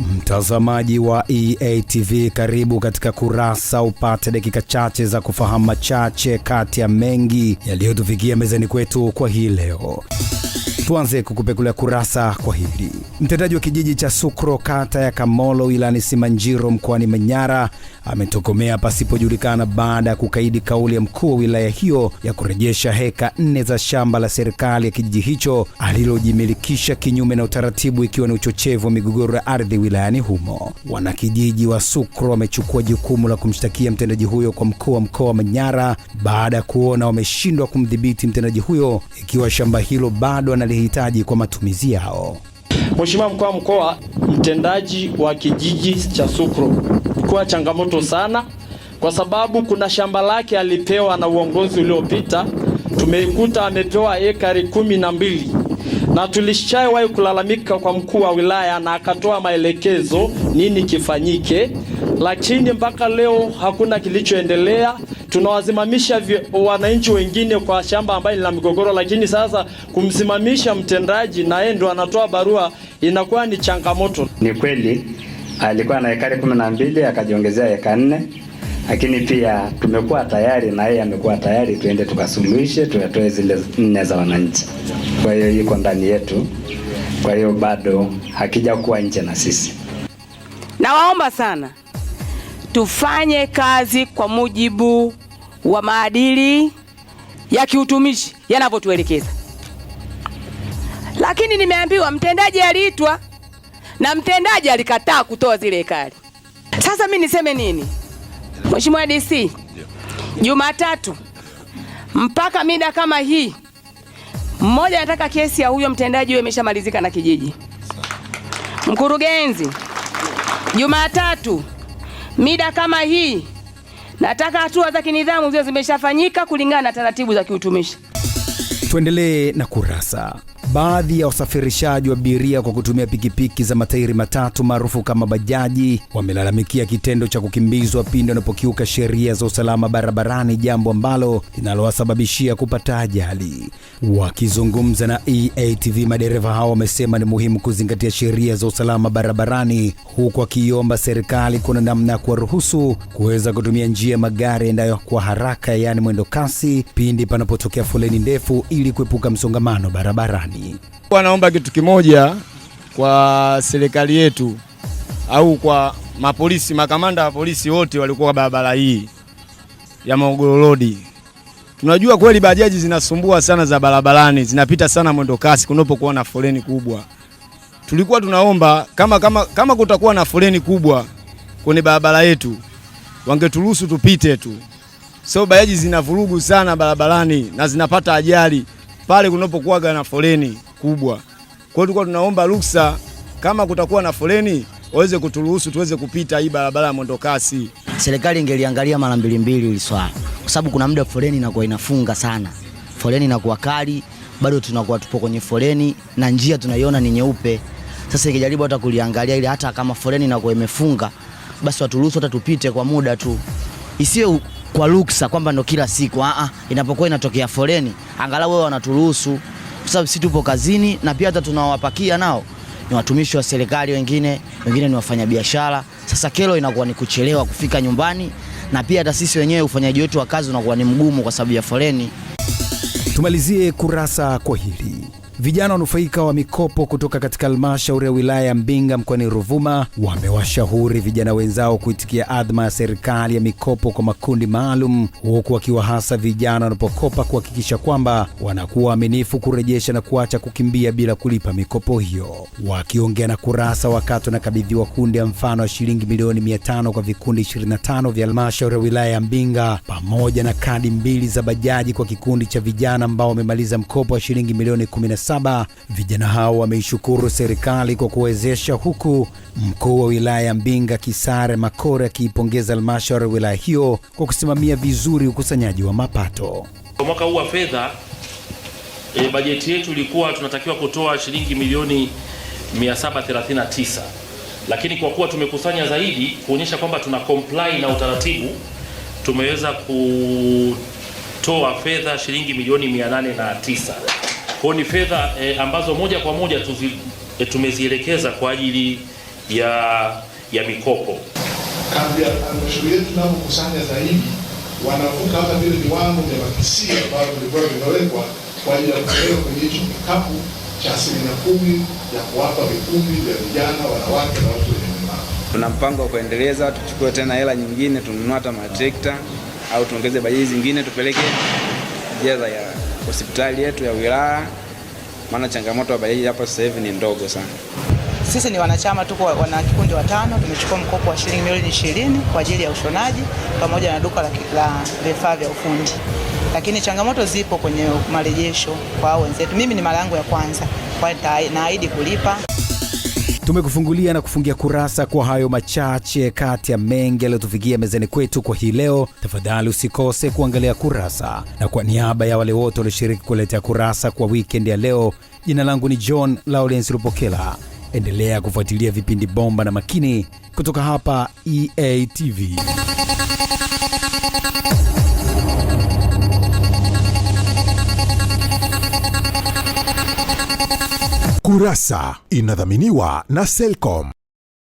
Mtazamaji wa EATV karibu katika Kurasa, upate dakika chache za kufahamu machache kati ya mengi yaliyotufikia mezani kwetu kwa hii leo. Tuanze kukupekulia kurasa kwa hili. Mtendaji wa kijiji cha Sukro kata ya Kamolo wilani Simanjiro mkoani Manyara ametokomea pasipojulikana baada ya kukaidi kauli ya mkuu wa wilaya hiyo ya kurejesha heka nne za shamba la serikali ya kijiji hicho alilojimilikisha kinyume na utaratibu, ikiwa ni uchochevu wa migogoro ya ardhi wilayani humo. Wanakijiji wa Sukro wamechukua jukumu la kumshtakia mtendaji huyo kwa mkuu wa mkoa wa Manyara baada ya kuona wameshindwa kumdhibiti mtendaji huyo, ikiwa shamba hilo bado anali kulihitaji kwa matumizi yao. Mheshimiwa Mkuu wa Mkoa, mtendaji wa kijiji cha Sukro, kuwa changamoto sana kwa sababu kuna shamba lake alipewa na uongozi uliopita, tumeikuta amepewa ekari kumi na mbili na tulishawahi kulalamika kwa mkuu wa wilaya na akatoa maelekezo nini kifanyike, lakini mpaka leo hakuna kilichoendelea tunawasimamisha wananchi wengine kwa shamba ambayo lina migogoro, lakini sasa kumsimamisha mtendaji na yeye ndo anatoa barua inakuwa ni changamoto. Ni kweli alikuwa na ekari kumi na mbili akajiongezea eka nne, lakini pia tumekuwa tayari na yeye amekuwa tayari, tuende tukasuluhishe, tuyatoe zile nne za wananchi. Kwa hiyo iko ndani yetu, kwa hiyo bado hakija kuwa nje na sisi. Nawaomba sana tufanye kazi kwa mujibu wa maadili ya kiutumishi yanavyotuelekeza. Lakini nimeambiwa mtendaji aliitwa na mtendaji alikataa kutoa zile ekari Sasa mimi niseme nini? Mheshimiwa DC, Jumatatu mpaka mida kama hii, mmoja anataka kesi ya huyo mtendaji huyo imeshamalizika na kijiji. Mkurugenzi, Jumatatu mida kama hii Nataka hatua za kinidhamu ziwe zimeshafanyika kulingana na taratibu za kiutumishi. Tuendelee na Kurasa. Baadhi ya wasafirishaji wa abiria kwa kutumia pikipiki za matairi matatu maarufu kama bajaji wamelalamikia kitendo cha kukimbizwa pindi wanapokiuka sheria za usalama barabarani, jambo ambalo linalowasababishia kupata ajali. Wakizungumza na EATV, madereva hao wamesema ni muhimu kuzingatia sheria za usalama barabarani, huku wakiiomba serikali kuna namna ya kuwaruhusu kuweza kutumia njia ya magari yaendayo kwa haraka, yaani mwendo kasi, pindi panapotokea foleni ndefu, ili kuepuka msongamano barabarani maji. Wanaomba kitu kimoja kwa serikali yetu au kwa mapolisi, makamanda wa polisi wote walikuwa barabara hii ya Morogoro Road. Tunajua kweli bajaji zinasumbua sana za barabarani, zinapita sana mwendo kasi kunapokuwa na foleni kubwa. Tulikuwa tunaomba kama, kama, kama kutakuwa na foleni kubwa kwenye barabara yetu wangeturuhusu tupite tu, so bajaji zinavurugu sana barabarani na zinapata ajali pale kunapokuwaga na foleni kubwa. Kwa hiyo tulikuwa tunaomba ruksa kama kutakuwa na foleni waweze kuturuhusu tuweze kupita hii barabara ya mwendokasi. Serikali ingeliangalia mara mbili mbili hili swala, kwa sababu kuna muda foleni inakuwa inafunga sana, foleni inakuwa kali, bado tunakuwa tupo kwenye foleni na njia tunaiona ni nyeupe. Sasa ikijaribu hata kuliangalia ili hata kama foleni inakuwa imefunga, basi waturuhusu hata tupite kwa muda tu, isiwe kwa ruksa kwamba ndo kila siku aa, ah, ah, inapokuwa inatokea foleni angalau wao wanaturuhusu, kwa sababu sisi tupo kazini, na pia hata tunawapakia nao ni watumishi wa serikali, wengine wengine ni wafanyabiashara. Sasa kero inakuwa ni kuchelewa kufika nyumbani, na pia hata sisi wenyewe ufanyaji wetu wa kazi unakuwa ni mgumu kwa sababu ya foleni. Tumalizie kurasa kwa hili. Vijana wanufaika wa mikopo kutoka katika halmashauri ya wilaya ya Mbinga mkoani Ruvuma wamewashauri vijana wenzao kuitikia adhma ya serikali ya mikopo kwa makundi maalum, huku wakiwahasa vijana wanapokopa kuhakikisha kwamba wanakuwa waaminifu kurejesha na kuacha kukimbia bila kulipa mikopo hiyo. Wakiongea na Kurasa wakati wanakabidhiwa kundi ya mfano wa shilingi milioni 500 kwa vikundi 25 vya halmashauri ya wilaya ya Mbinga pamoja na kadi mbili za bajaji kwa kikundi cha vijana ambao wamemaliza mkopo wa shilingi milioni 16 saba. Vijana hao wameishukuru serikali kwa kuwezesha, huku mkuu wa wilaya ya Mbinga Kisare Makore akiipongeza halmashauri ya wilaya hiyo kwa kusimamia vizuri ukusanyaji wa mapato. Mwaka huu wa fedha e, bajeti yetu ilikuwa tunatakiwa kutoa shilingi milioni 739 lakini kwa kuwa tumekusanya zaidi kuonyesha kwamba tuna comply na utaratibu, tumeweza kutoa fedha shilingi milioni i89 kwa ni fedha e, ambazo moja kwa moja tuzi, e, tumezielekeza kwa ajili ya ya mikopo. Kambi ya halmashauri yetu tunavyokusanya zaidi wanavuka hata vile viwango vya makisio ambavyo vilikuwa vimewekwa kwa ajili ya kupeleka kwenye hicho kikapu cha asilimia kumi ya kuwapa vikundi vya vijana, wanawake na watu wenye ulemavu. Tuna mpango wa kuendeleza, tuchukue tena hela nyingine tununua hata matrekta au tuongeze bajeti zingine tupeleke jeza ya hospitali yetu ya wilaya, maana changamoto ya bajaji hapa sasa hivi ni ndogo sana. Sisi ni wanachama tuko wana kikundi watano, tumechukua mkopo wa shilingi milioni ishirini kwa ajili ya ushonaji pamoja na duka la vifaa vya ufundi, lakini changamoto zipo kwenye marejesho kwa wenzetu. Mimi ni mara yangu ya kwanza, kwa naahidi kulipa. Tumekufungulia na kufungia kurasa kwa hayo machache kati ya mengi yaliyotufikia mezani kwetu kwa hii leo. Tafadhali usikose kuangalia kurasa, na kwa niaba ya wale wote walioshiriki kuletea kurasa kwa wikendi ya leo, jina langu ni John Lawrence Rupokela. Endelea kufuatilia vipindi bomba na makini kutoka hapa EATV. Kurasa inadhaminiwa na Selcom.